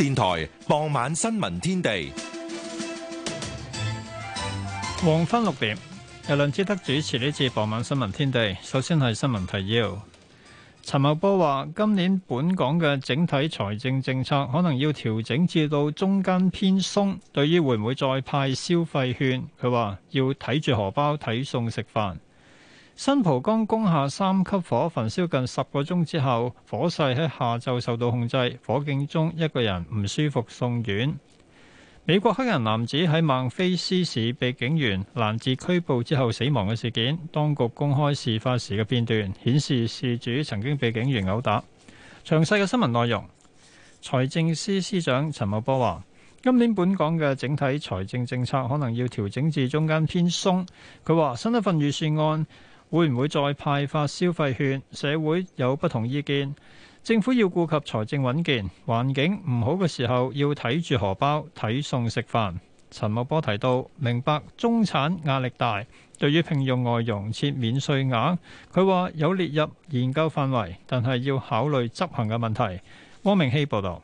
電台傍晚新聞天地，黃昏六點由梁志德主持呢次傍晚新聞天地。首先係新聞提要，陳茂波話今年本港嘅整體財政政策可能要調整至到中間偏鬆，對於會唔會再派消費券，佢話要睇住荷包睇餸食飯。新蒲江工廈三級火，焚燒近十個鐘之後，火勢喺下晝受到控制。火警中一個人唔舒服送院。美國黑人男子喺孟菲斯市被警員攔截拘捕之後死亡嘅事件，當局公開事發時嘅片段，顯示事主曾經被警員毆打。詳細嘅新聞內容，財政司司長陳茂波話，今年本港嘅整體財政政策可能要調整至中間偏鬆，佢話新一份預算案。會唔會再派發消費券？社會有不同意見，政府要顧及財政穩健，環境唔好嘅時候要睇住荷包，睇餸食飯。陳茂波提到，明白中產壓力大，對於聘用外傭設免稅額，佢話有列入研究範圍，但係要考慮執行嘅問題。汪明希報導。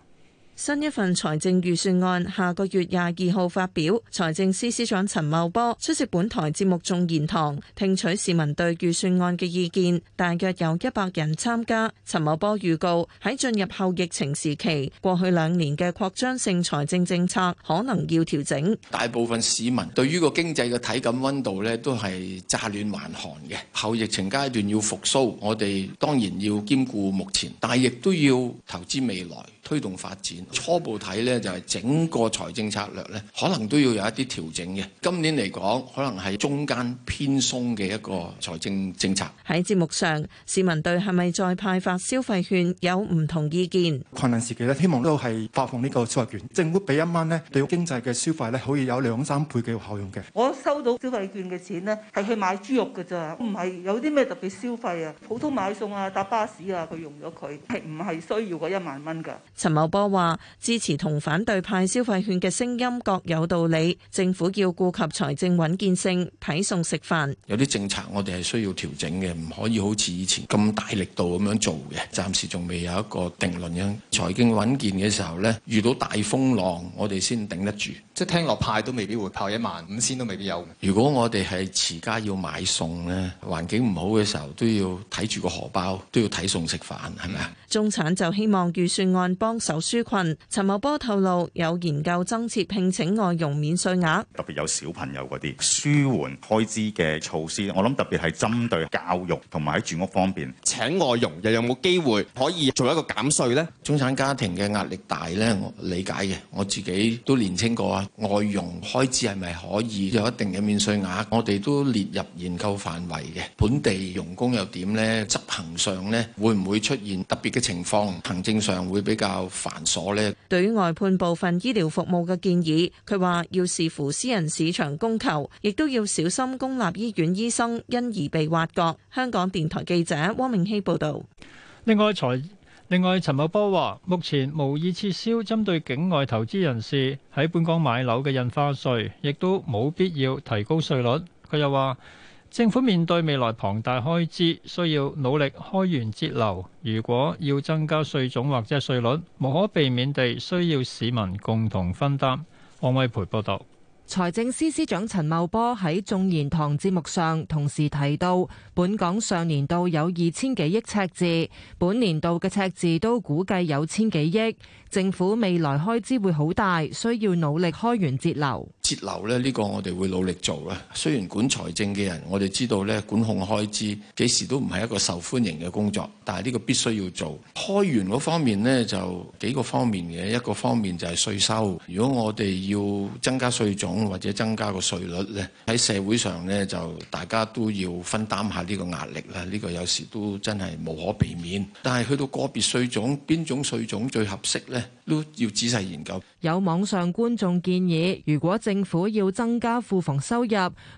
新一份財政預算案下個月廿二號發表，財政司司長陳茂波出席本台節目眾言堂，聽取市民對預算案嘅意見，大約有一百人參加。陳茂波預告喺進入後疫情時期，過去兩年嘅擴張性財政政策可能要調整。大部分市民對於個經濟嘅體感溫度呢，都係乍暖還寒嘅。後疫情階段要復甦，我哋當然要兼顧目前，但係亦都要投資未來，推動發展。初步睇咧，就係整個財政策略咧，可能都要有一啲調整嘅。今年嚟講，可能係中間偏鬆嘅一個財政政策。喺節目上，市民對係咪再派發消費券有唔同意見。困難時期咧，希望都係發放呢個消費券，政府俾一蚊咧，對經濟嘅消費咧，可以有兩三倍嘅效用嘅。我收到消費券嘅錢呢，係去買豬肉㗎咋，唔係有啲咩特別消費啊？普通買餸啊、搭巴士啊，佢用咗佢，係唔係需要嗰一萬蚊㗎？陳茂波話。支持同反對派消費券嘅聲音各有道理，政府要顧及財政穩健性，睇餸食飯。有啲政策我哋係需要調整嘅，唔可以好似以前咁大力度咁樣做嘅。暫時仲未有一個定論。樣財經穩健嘅時候咧，遇到大風浪我哋先頂得住。即係聽落派都未必會派一萬五千都未必有。如果我哋係持家要買餸咧，環境唔好嘅時候都要睇住個荷包，都要睇餸食飯，係咪啊？中產就希望預算案幫手紓困。陳茂波透露有研究增設聘請外傭免稅額，特別有小朋友嗰啲舒緩開支嘅措施，我諗特別係針對教育同埋喺住屋方面，請外傭又有冇機會可以做一個減稅呢？中產家庭嘅壓力大呢？我理解嘅，我自己都年青過啊，外傭開支係咪可以有一定嘅免稅額？我哋都列入研究範圍嘅，本地傭工又點呢？執行上呢，會唔會出現特別嘅情況？行政上會比較繁瑣。對於外判部分醫療服務嘅建議，佢話要視乎私人市場供求，亦都要小心公立醫院醫生因而被挖角。香港電台記者汪明熙報導。另外，財另外陳茂波話，目前無意撤銷針對境外投資人士喺本港買樓嘅印花稅，亦都冇必要提高稅率。佢又話。政府面對未來龐大開支，需要努力開源節流。如果要增加稅種或者稅率，無可避免地需要市民共同分擔。王惠培報導。財政司司長陳茂波喺眾賢堂節目上同時提到，本港上年度有二千幾億赤字，本年度嘅赤字都估計有千幾億。政府未來開支會好大，需要努力開源節流。節流咧，呢個我哋會努力做啦。雖然管財政嘅人，我哋知道咧，管控開支幾時都唔係一個受歡迎嘅工作，但係呢個必須要做。開源嗰方面呢，就幾個方面嘅，一個方面就係稅收。如果我哋要增加稅種或者增加個稅率呢，喺社會上呢，就大家都要分擔下呢個壓力啦。呢個有時都真係無可避免。但係去到個別稅種，邊種稅種最合適呢？都要仔細研究。有網上觀眾建議，如果政府要增加庫房收入，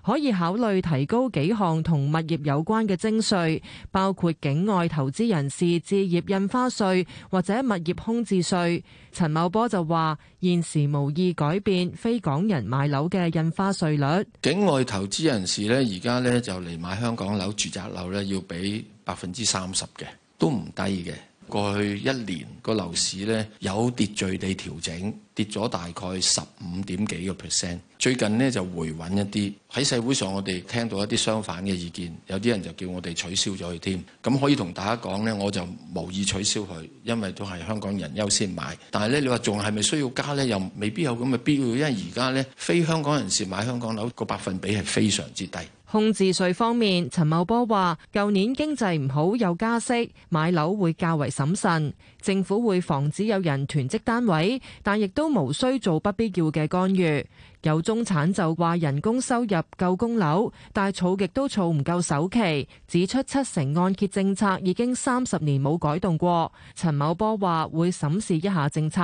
可以考慮提高幾項同物業有關嘅徵稅，包括境外投資人士置業印花稅或者物業空置稅。陳茂波就話：現時無意改變非港人買樓嘅印花稅率。境外投資人士呢，而家呢就嚟買香港樓、住宅樓呢，要俾百分之三十嘅，都唔低嘅。過去一年個樓市呢，有秩序地調整，跌咗大概十五點幾個 percent。最近呢，就回穩一啲。喺社會上我哋聽到一啲相反嘅意見，有啲人就叫我哋取消咗佢添。咁可以同大家講呢，我就無意取消佢，因為都係香港人優先買。但係呢，你話仲係咪需要加呢？又未必有咁嘅必要，因為而家呢，非香港人士買香港樓個百分比係非常之低。控制稅方面，陳茂波話：舊年經濟唔好，有加息，買樓會較為審慎。政府會防止有人囤積單位，但亦都無需做不必要嘅干預。有中產就話人工收入夠供樓，但儲極都儲唔夠首期，指出七成按揭政策已經三十年冇改動過。陳茂波話會審視一下政策。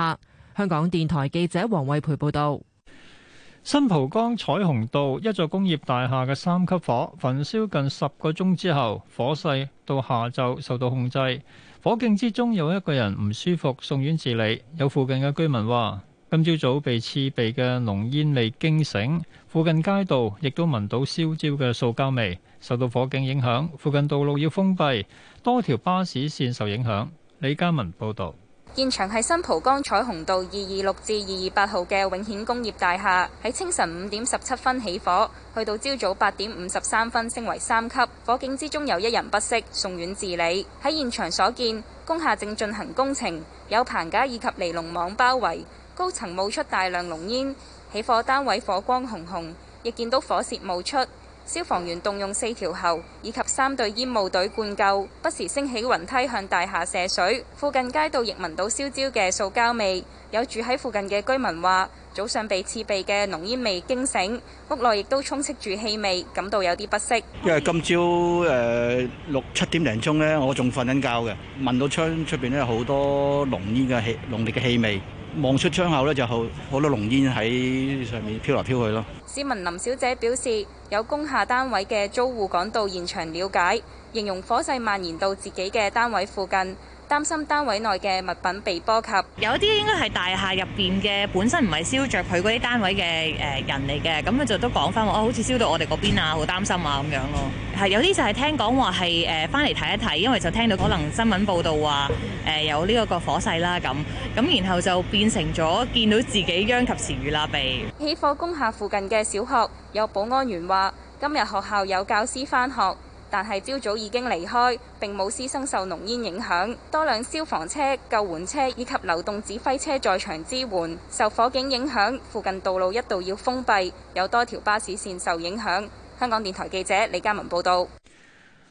香港電台記者黃惠培報道。新蒲崗彩虹道一座工業大廈嘅三級火，焚燒近十個鐘之後，火勢到下晝受到控制。火警之中有一個人唔舒服，送院治理。有附近嘅居民話：今朝早被刺鼻嘅濃煙味驚醒，附近街道亦都聞到燒焦嘅塑膠味。受到火警影響，附近道路要封閉，多條巴士線受影響。李嘉文報導。現場係新蒲崗彩虹道二二六至二二八號嘅永顯工業大廈，喺清晨五點十七分起火，去到朝早八點五十三分升為三級。火警之中有一人不適，送院治理。喺現場所見，工廈正進行工程，有棚架以及尼龍網包圍，高層冒出大量濃煙，起火單位火光紅紅，亦見到火舌冒出。消防員動用四條喉以及三隊煙霧隊灌救，不時升起雲梯向大廈射水。附近街道亦聞到燒焦嘅塑膠味。有住喺附近嘅居民話，早上被刺鼻嘅濃煙味驚醒，屋內亦都充斥住氣味，感到有啲不適。因為今朝誒、呃、六七點零鐘呢，我仲瞓緊覺嘅，聞到窗出邊有好多濃煙嘅氣濃烈嘅氣味。望出窗口咧，就好好多濃煙喺上面飄來飄去咯。市民林小姐表示，有工廈單位嘅租戶趕到現場了解，形容火勢蔓延到自己嘅單位附近。擔心單位內嘅物品被波及，有啲應該係大廈入邊嘅本身唔係燒着佢嗰啲單位嘅誒人嚟嘅，咁佢就都講翻話，哦，好似燒到我哋嗰邊啊，好擔心啊咁樣咯。係有啲就係聽講話係誒翻嚟睇一睇，因為就聽到可能新聞報道話誒有呢個個火勢啦咁，咁然後就變成咗見到自己殃及池魚啦，被起火工廈附近嘅小學有保安員話，今日學校有教師翻學。但係朝早已經離開，並冇師生受濃煙影響。多輛消防車、救援車以及流動指揮車在場支援。受火警影響，附近道路一度要封閉，有多條巴士線受影響。香港電台記者李嘉文報道。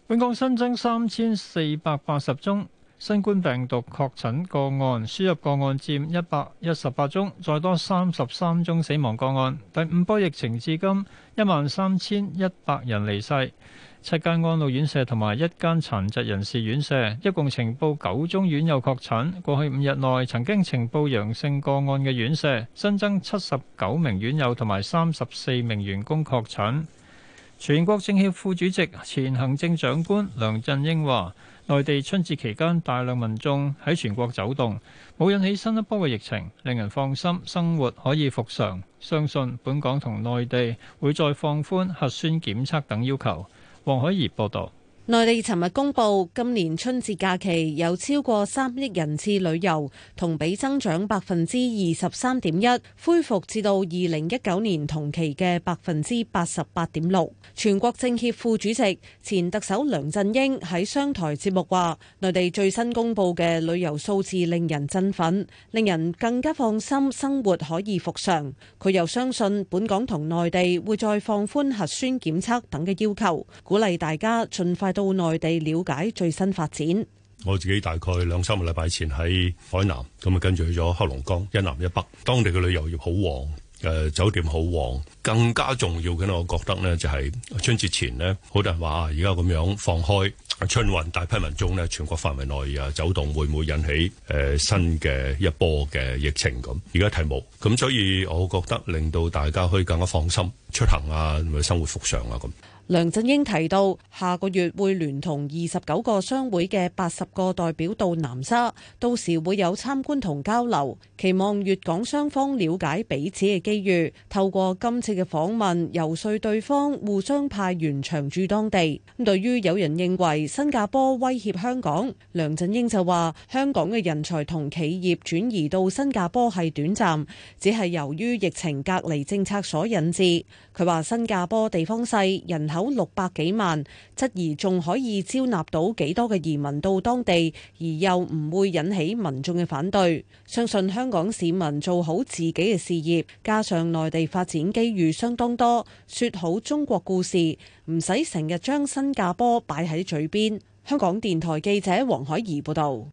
本港新增三千四百八十宗新冠病毒確診個案，輸入個案佔一百一十八宗，再多三十三宗死亡個案。第五波疫情至今，一萬三千一百人離世。七間安老院舍同埋一間殘疾人士院舍，一共呈報九宗院友確診。過去五日內曾經呈報陽性個案嘅院舍，新增七十九名院友同埋三十四名員工確診。全國政協副主席、前行政長官梁振英話，內地春節期間大量民眾喺全國走動，冇引起新一波嘅疫情，令人放心，生活可以復常。相信本港同內地會再放寬核酸檢測等要求。王海怡報道。內地尋日公布，今年春節假期有超過三億人次旅遊，同比增長百分之二十三點一，恢復至到二零一九年同期嘅百分之八十八點六。全國政協副主席、前特首梁振英喺商台節目話：內地最新公布嘅旅遊數字令人振奮，令人更加放心生活可以復常。佢又相信本港同內地會再放寬核酸檢測等嘅要求，鼓勵大家盡快。到內地了解最新發展，我自己大概兩三個禮拜前喺海南，咁啊跟住去咗黑龍江一南一北，當地嘅旅遊業好旺，誒、呃、酒店好旺，更加重要嘅我覺得呢就係、是、春節前呢，好多人話啊，而家咁樣放開春運，大批民眾呢，全國範圍內啊走動，會唔會引起誒、呃、新嘅一波嘅疫情咁？而家題目，咁所以我覺得令到大家可以更加放心出行啊，生活復常啊咁。梁振英提到，下個月會聯同二十九個商會嘅八十個代表到南沙，到時會有參觀同交流，期望粵港雙方了解彼此嘅機遇。透過今次嘅訪問，遊說對方互相派員長駐當地。對於有人認為新加坡威脅香港，梁振英就話：香港嘅人才同企業轉移到新加坡係短暫，只係由於疫情隔離政策所引致。佢話新加坡地方細，人有六百幾萬，質疑仲可以招納到幾多嘅移民到當地，而又唔會引起民眾嘅反對。相信香港市民做好自己嘅事業，加上內地發展機遇相當多，説好中國故事，唔使成日將新加坡擺喺嘴邊。香港電台記者黃海怡報導。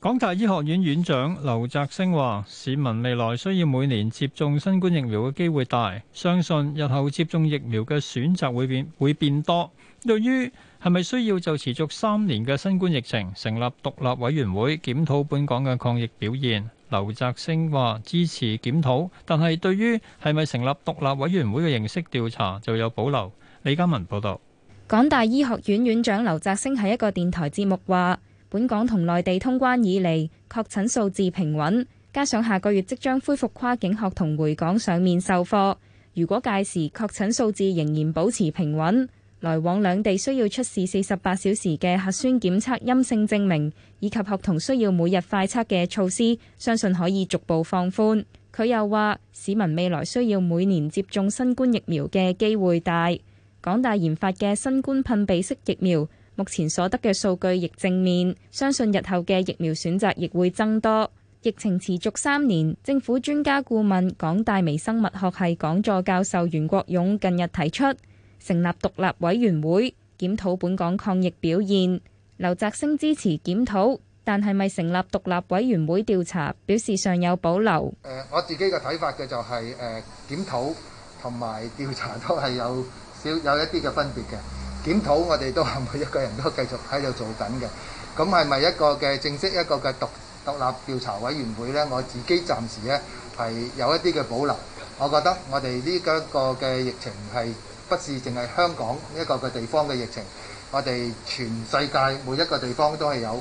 港大醫學院院長劉澤星話：市民未來需要每年接種新冠疫苗嘅機會大，相信日後接種疫苗嘅選擇會變會變多。對於係咪需要就持續三年嘅新冠疫情成立獨立委員會檢討本港嘅抗疫表現，劉澤星話支持檢討，但係對於係咪成立獨立委員會嘅形式調查就有保留。李家文報道。港大醫學院院長劉澤星喺一個電台節目話。本港同內地通關以嚟，確診數字平穩，加上下個月即將恢復跨境學童回港上面授課，如果屆時確診數字仍然保持平穩，來往兩地需要出示四十八小時嘅核酸檢測陰性證明，以及學童需要每日快測嘅措施，相信可以逐步放寬。佢又話，市民未來需要每年接種新冠疫苗嘅機會大，港大研發嘅新冠噴鼻式疫苗。目前所得嘅數據亦正面，相信日後嘅疫苗選擇亦會增多。疫情持續三年，政府專家顧問、港大微生物學系講座教授袁國勇近日提出成立獨立委員會檢討本港抗疫表現。劉澤星支持檢討，但係咪成立獨立委員會調查，表示尚有保留。我自己嘅睇法嘅就係誒檢討同埋調查都係有少有一啲嘅分別嘅。檢討我哋都係每一個人都繼續喺度做緊嘅，咁係咪一個嘅正式一個嘅獨、獨立調查委員會呢？我自己暫時呢係有一啲嘅保留，我覺得我哋呢個一個嘅疫情係不是淨係香港一個嘅地方嘅疫情，我哋全世界每一個地方都係有。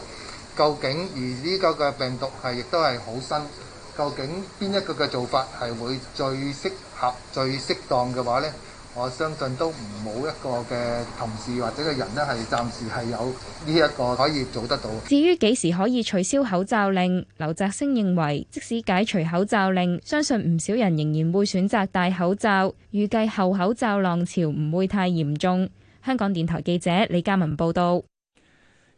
究竟而呢個嘅病毒係亦都係好新，究竟邊一個嘅做法係會最適合、最適當嘅話呢？我相信都冇一個嘅同事或者嘅人呢，係暫時係有呢一個可以做得到。至於幾時可以取消口罩令，劉澤星認為即使解除口罩令，相信唔少人仍然會選擇戴口罩。預計後口罩浪潮唔會太嚴重。香港電台記者李嘉文報道。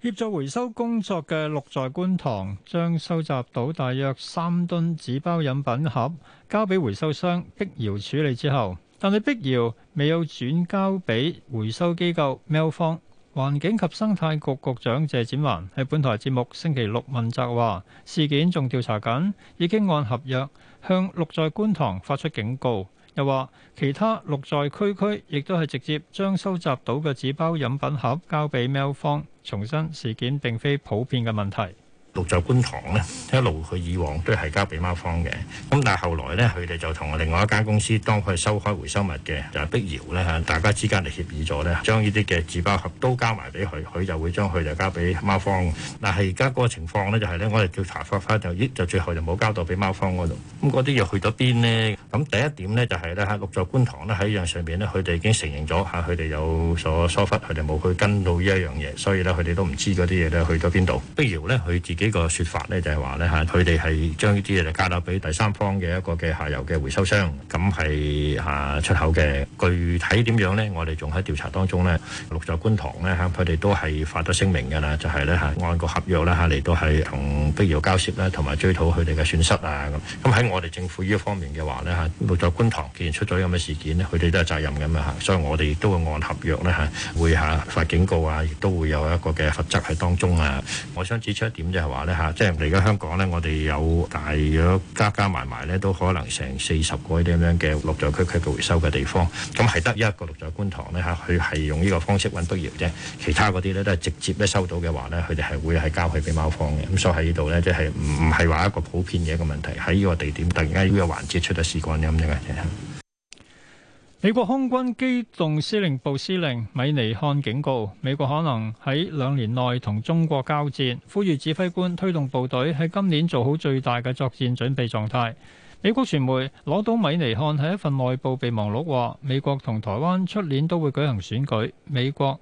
協助回收工作嘅綠在觀塘將收集到大約三噸紙包飲品盒，交俾回收商碧瑤處理之後，但係碧瑤未有轉交俾回收機構喵坊。環境及生態局局長謝展環喺本台節目星期六問責話，事件仲調查緊，已經按合約向綠在觀塘發出警告。又話其他綠在區區亦都係直接將收集到嘅紙包飲品盒交俾喵坊，重申事件並非普遍嘅問題。六座觀塘咧一路佢以往都係交俾貓方嘅，咁但係後來咧，佢哋就同另外一間公司當佢係收開回收物嘅，就係碧瑤咧，大家之間嚟協議咗咧，將呢啲嘅紙包盒都交埋俾佢，佢就會將佢就交俾貓方。但係而家嗰個情況咧，就係咧，我哋調查翻翻就咦，就最後就冇交到俾貓方嗰度，咁嗰啲又去咗邊咧？咁第一點咧就係咧嚇六座觀塘咧喺一樣上邊咧，佢哋已經承認咗嚇佢哋有所疏忽，佢哋冇去跟到呢一樣嘢，所以咧佢哋都唔知嗰啲嘢咧去咗邊度。碧瑤咧佢自己。呢個説法咧就係話咧嚇，佢哋係將呢啲嘢就交納俾第三方嘅一個嘅下游嘅回收商，咁係嚇出口嘅具體點樣咧？我哋仲喺調查當中咧。綠在觀塘咧嚇，佢哋都係發咗聲明㗎喇，就係咧嚇按個合約啦嚇嚟到係同碧瑤交涉啦，同埋追討佢哋嘅損失啊咁。咁喺我哋政府呢一方面嘅話咧嚇，綠在觀塘既然出咗咁嘅事件咧，佢哋都係責任嘅嘛嚇，所以我哋都會按合約咧嚇會嚇發警告啊，亦都會有一個嘅罰則喺當中啊。我想指出一點就。話咧嚇，即係嚟而家香港咧，我哋有大約加加埋埋咧，都可能成四十個啲咁樣嘅綠在區區，嘅回收嘅地方，咁係得一個綠在觀塘咧嚇，佢係用呢個方式揾不業啫，其他嗰啲咧都係直接咧收到嘅話咧，佢哋係會係交去俾貓方嘅，咁所以喺呢度咧，即係唔唔係話一個普遍嘅一個問題，喺呢個地點突然間呢個環節出咗事關咧，咁樣嘅。美國空軍機動司令部司令米尼漢警告，美國可能喺兩年內同中國交戰，呼籲指揮官推動部隊喺今年做好最大嘅作戰準備狀態。美國傳媒攞到米尼漢係一份內部備忘錄，話美國同台灣出年都會舉行選舉，美國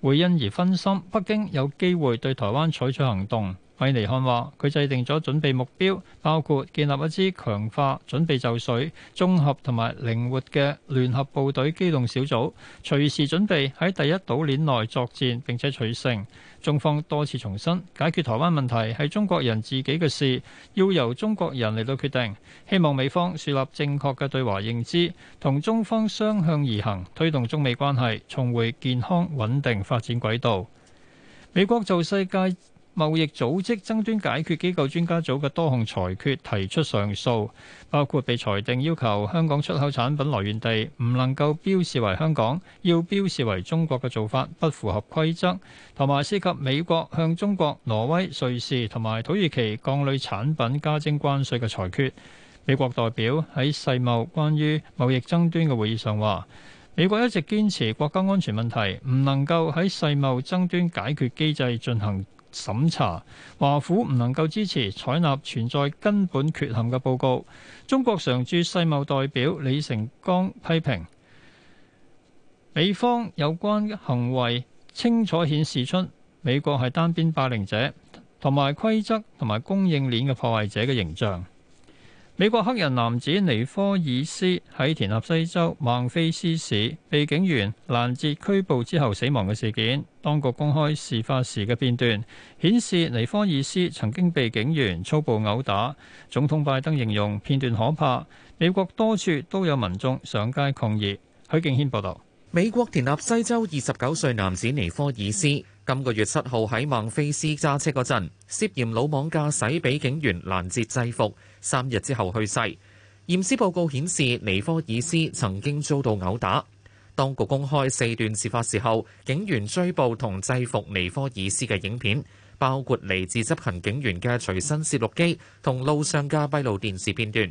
會因而分心，北京有機會對台灣採取行動。米尼漢話：佢制定咗準備目標，包括建立一支強化、準備就緒、綜合同埋靈活嘅聯合部隊機動小組，隨時準備喺第一島鏈內作戰並且取勝。中方多次重申，解決台灣問題係中國人自己嘅事，要由中國人嚟到決定。希望美方樹立正確嘅對華認知，同中方雙向而行，推動中美關係重回健康穩定發展軌道。美國就世界貿易組織爭端解決機構專家組嘅多項裁決提出上訴，包括被裁定要求香港出口產品來源地唔能夠標示為香港，要標示為中國嘅做法不符合規則。同埋涉及美國向中國、挪威、瑞士同埋土耳其鋼鋁產品加徵關稅嘅裁決，美國代表喺世貿關於貿易爭端嘅會議上話：美國一直堅持國家安全問題唔能夠喺世貿爭端解決機制進行審查華府唔能夠支持採納存在根本缺陷嘅報告。中國常駐世貿代表李成鋼批評美方有關行為清楚顯示出美國係單邊霸凌者同埋規則同埋供應鏈嘅破壞者嘅形象。美國黑人男子尼科爾斯喺田納西州孟菲斯市被警員攔截拘捕之後死亡嘅事件，當局公開事發時嘅片段，顯示尼科爾斯曾經被警員粗暴毆打。總統拜登形容片段可怕。美國多處都有民眾上街抗議。許敬軒報道。美國田納西州二十九歲男子尼科爾斯今個月七號喺孟菲斯揸車嗰陣，涉嫌魯莽駕駛，被警員攔截制服，三日之後去世。驗屍報告顯示尼科爾斯曾經遭到毆打。當局公開四段事發時候警員追捕同制服尼科爾斯嘅影片，包括嚟自執行警員嘅隨身攝錄機同路上嘅閉路電視片段。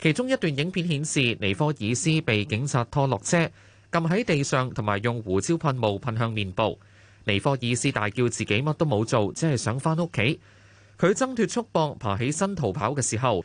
其中一段影片顯示尼科爾斯被警察拖落車，撳喺地上，同埋用胡椒噴霧噴向面部。尼科爾斯大叫自己乜都冇做，只係想返屋企。佢掙脫束縛，爬起身逃跑嘅時候。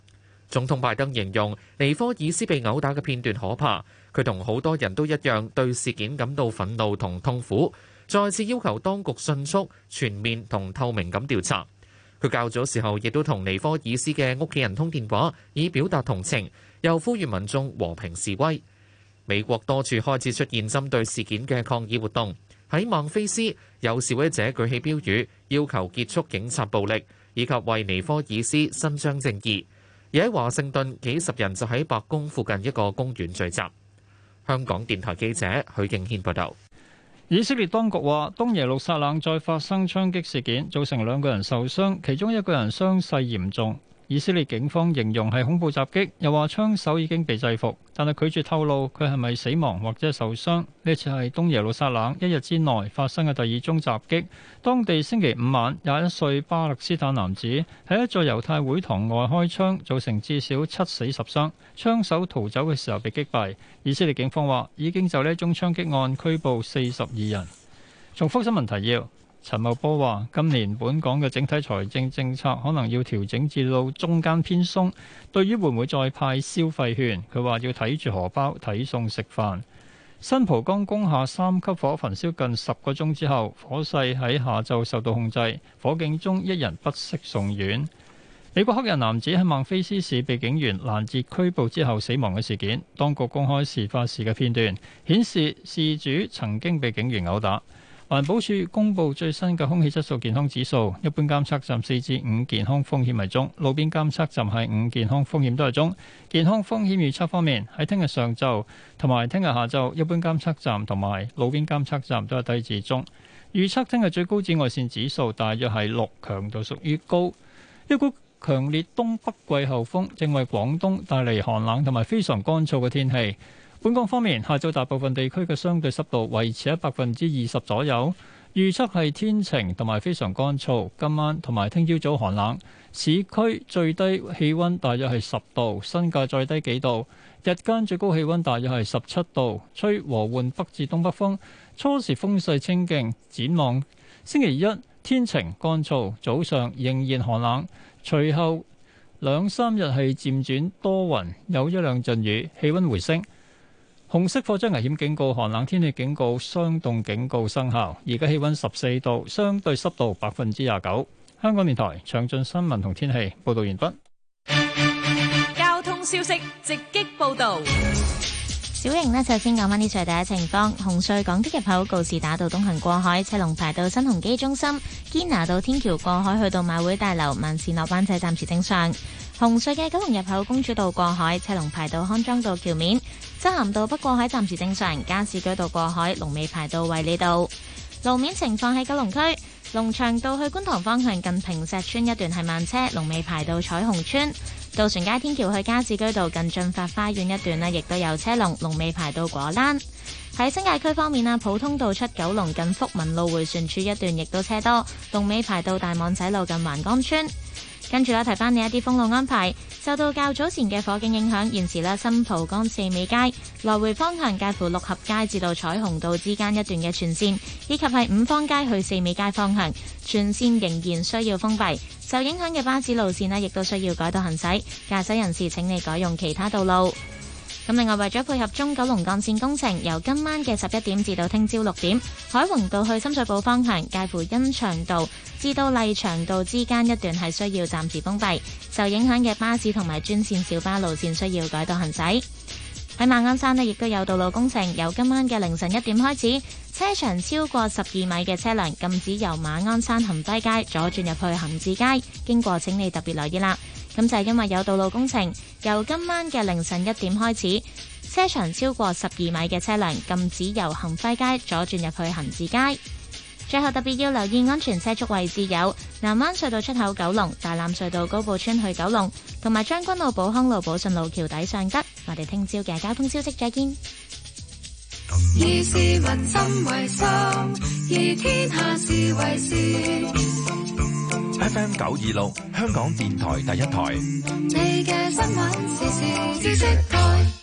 總統拜登形容尼科爾斯被毆打嘅片段可怕，佢同好多人都一樣對事件感到憤怒同痛苦，再次要求當局迅速、全面同透明咁調查。佢較早時候亦都同尼科爾斯嘅屋企人通電話，以表達同情，又呼籲民眾和平示威。美國多處開始出現針對事件嘅抗議活動。喺孟菲斯，有示威者舉起標語，要求結束警察暴力，以及為尼科爾斯伸張正義。而喺華盛頓，幾十人就喺白宮附近一個公園聚集。香港電台記者許敬軒報導，以色列當局話，東耶路撒冷再發生槍擊事件，造成兩個人受傷，其中一個人傷勢嚴重。以色列警方形容係恐怖襲擊，又話槍手已經被制服，但係拒絕透露佢係咪死亡或者係受傷。呢次係東耶路撒冷一日之內發生嘅第二宗襲擊。當地星期五晚，廿一歲巴勒斯坦男子喺一座猶太會堂外開槍，造成至少七死十傷。槍手逃走嘅時候被擊斃。以色列警方話已經就呢一宗槍擊案拘捕四十二人。重複新聞提要。陳茂波話：今年本港嘅整體財政政策可能要調整至到中間偏鬆。對於會唔會再派消費券，佢話要睇住荷包，睇餸食飯。新蒲崗攻下三級火焚燒近十個鐘之後，火勢喺下晝受到控制，火警中一人不適送院。美國黑人男子喺孟菲斯市被警員攔截拘捕之後死亡嘅事件，當局公開事發時嘅片段，顯示事主曾經被警員毆打。環保署公布最新嘅空氣質素健康指數，一般監測站四至五健康風險為中，路邊監測站係五健康風險都係中。健康風險預測方面，喺聽日上晝同埋聽日下晝，一般監測站同埋路邊監測站都係低至中。預測聽日最高紫外線指數大約係六，強度屬於高。一股強烈東北季候風正為廣東帶嚟寒冷同埋非常乾燥嘅天氣。本港方面，下晝大部分地區嘅相對濕度維持喺百分之二十左右。預測係天晴同埋非常乾燥。今晚同埋聽朝早寒冷，市區最低氣溫大約係十度，新界再低幾度。日間最高氣溫大約係十七度，吹和緩北至東北風。初時風勢清勁，展望星期一，天晴乾燥，早上仍然寒冷。隨後兩三日係漸轉多雲，有一兩陣雨，氣溫回升。紅色火災危險警告，寒冷天氣警告，霜凍警告生效。而家氣温十四度，相對濕度百分之廿九。香港電台詳盡新聞同天氣報道完畢。交通消息直擊報道。小瑩呢，就先講翻呢處第一情況。紅隧港的入口告士打道東行過海，車龍排到新鴻基中心堅拿道天橋過海，去到馬會大樓慢線落班仔暫時正常。紅隧嘅九龍入口公主道過海，車龍排到康莊道橋面。西鹹道不過喺暫時正常，加士居道過海龍尾排到位呢度。路面情況喺九龍區，龍翔道去觀塘方向近坪石村一段係慢車，龍尾排到彩虹村。渡船街天橋去加士居道近駿發花園一段呢亦都有車龍，龍尾排到果欄。喺新界區方面啊，普通道出九龍近福文路回旋處一段亦都車多，龍尾排到大網仔路近萬江村。跟住咧，提翻你一啲封路安排。受到較早前嘅火警影響，現時咧新蒲崗四美街來回方向介乎六合街至到彩虹道之間一段嘅全線，以及係五芳街去四美街方向，全線仍然需要封閉，受影響嘅巴士路線呢亦都需要改道行駛，駕駛人士請你改用其他道路。咁另外為咗配合中九龍幹線工程，由今晚嘅十一點至到聽朝六點，海泓道去深水埗方向介乎恩祥道至到麗祥道之間一段係需要暫時封閉，受影響嘅巴士同埋專線小巴路線需要改道行駛。喺馬鞍山咧亦都有道路工程，由今晚嘅凌晨一點開始，車長超過十二米嘅車輛禁止由馬鞍山恆輝街左轉入去恆志街，經過，請你特別留意啦。咁就係因為有道路工程，由今晚嘅凌晨一點開始，車長超過十二米嘅車輛禁止由恒輝街左轉入去恒志街。最後特別要留意安全車速位置有南灣隧道出口、九龍大欖隧道高埔村去九龍，同埋將軍澳、寶康路、寶順路、橋底上吉。我哋聽朝嘅交通消息再見。以 FM 九二六，26，香港電台第一台。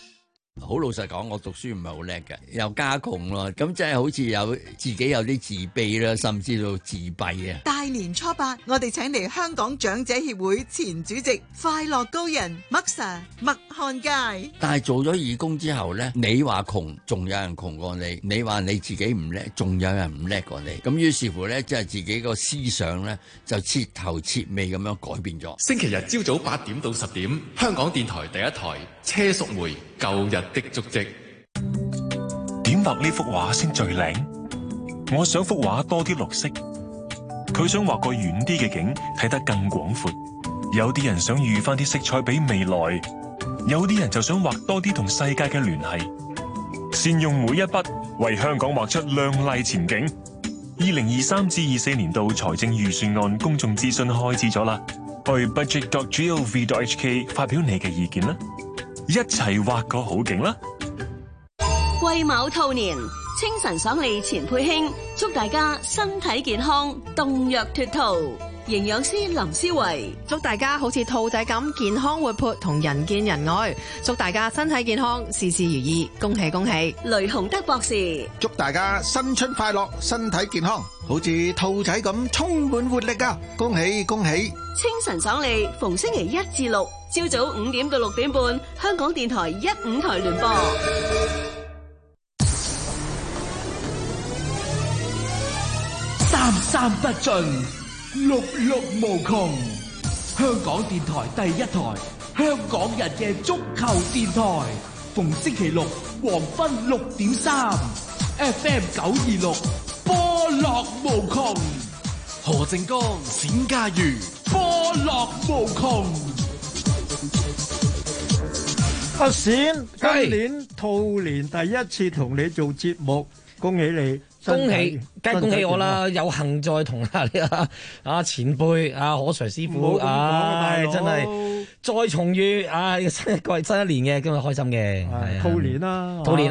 好老實講，我讀書唔係好叻嘅，又家窮咯，咁真係好似有自己有啲自卑啦，甚至到自閉啊！大年初八，我哋請嚟香港長者協會前主席、快樂高人麥 Sir 麥漢佳。但係做咗義工之後咧，你話窮，仲有人窮過你；你話你自己唔叻，仲有人唔叻過你。咁於是乎咧，即係自己個思想咧，就徹頭徹尾咁樣改變咗。星期日朝早八點到十點，香港電台第一台車淑梅舊日。的足跡，點畫呢幅畫先最靚？我想幅畫多啲綠色畫，佢想畫個遠啲嘅景，睇得更廣闊。有啲人想預返啲色彩俾未來，有啲人就想畫多啲同世界嘅聯繫。善用每一筆，為香港畫出亮麗前景。二零二三至二四年度財政預算案公眾諮詢開始咗啦，去 budget.gov.hk 發表你嘅意見啦。一齊畫個好景啦！癸卯兔年，清晨爽利，錢佩卿，祝大家身體健康，動若脫兔。營養師林思維，祝大家好似兔仔咁健康活潑同人見人愛，祝大家身體健康，事事如意，恭喜恭喜！雷洪德博士，祝大家新春快樂，身體健康，好似兔仔咁充滿活力啊，恭喜恭喜！清晨爽利，逢星期一至六，朝早五點到六點半，香港電台一五台聯播。三三不盡，六六無窮。香港電台第一台，香港人嘅足球電台。逢星期六黃昏六點三，FM 九二六，波樂無窮。何靖江、冼家瑜，波樂無窮。阿冼，今年兔年第一次同你做節目，恭喜你，恭喜，梗係恭喜我啦！有幸再同啊啊前輩、阿可 Sir 師傅，唉，真係再重遇，唉，新一季、新一年嘅，今日開心嘅，兔年啦！兔年。